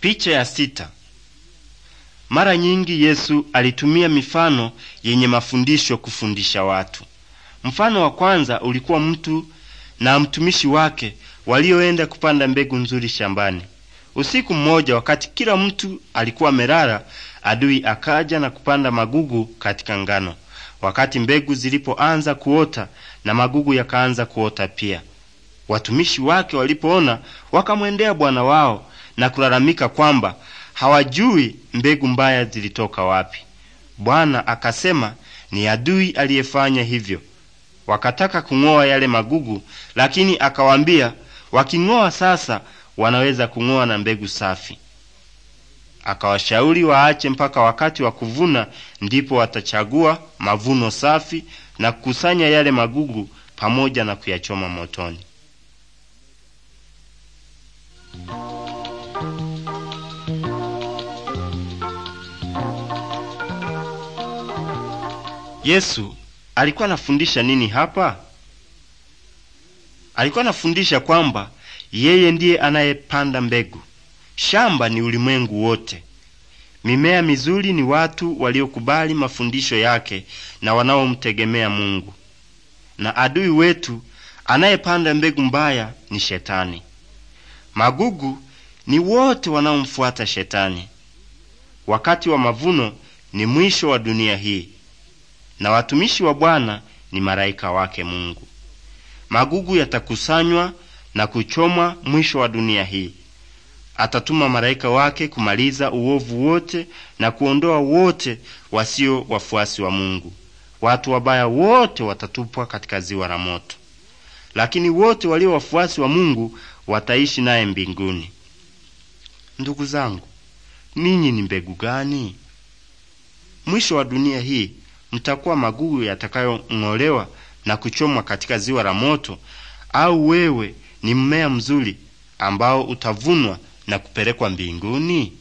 Picha ya sita. Mara nyingi Yesu alitumia mifano yenye mafundisho kufundisha watu. Mfano wa kwanza ulikuwa mtu na mtumishi wake walioenda kupanda mbegu nzuri shambani. Usiku mmoja, wakati kila mtu alikuwa amelala, adui akaja na kupanda magugu katika ngano. Wakati mbegu zilipoanza kuota na magugu yakaanza kuota pia, watumishi wake walipoona, wakamwendea bwana wao na kulalamika kwamba hawajui mbegu mbaya zilitoka wapi. Bwana akasema ni adui aliyefanya hivyo. Wakataka kung'oa yale magugu, lakini akawaambia waking'oa sasa wanaweza kung'oa na mbegu safi. Akawashauri waache mpaka wakati wa kuvuna, ndipo watachagua mavuno safi na kukusanya yale magugu pamoja na kuyachoma motoni. Yesu alikuwa anafundisha nini hapa? Alikuwa anafundisha kwamba yeye ndiye anayepanda mbegu. Shamba ni ulimwengu wote. Mimea mizuri ni watu waliokubali mafundisho yake na wanaomtegemea Mungu. Na adui wetu anayepanda mbegu mbaya ni Shetani. Magugu ni wote wanaomfuata Shetani. Wakati wa mavuno ni mwisho wa dunia hii, na watumishi wa Bwana ni malaika wake Mungu. Magugu yatakusanywa na kuchomwa mwisho wa dunia hii. Atatuma malaika wake kumaliza uovu wote na kuondoa wote wasio wafuasi wa Mungu. Watu wabaya wote watatupwa katika ziwa la moto, lakini wote walio wafuasi wa Mungu wataishi naye mbinguni. Ndugu zangu, ninyi ni mbegu gani? Mwisho wa dunia hii mtakuwa magugu yatakayong'olewa na kuchomwa katika ziwa la moto, au wewe ni mmea mzuri ambao utavunwa na kupelekwa mbinguni?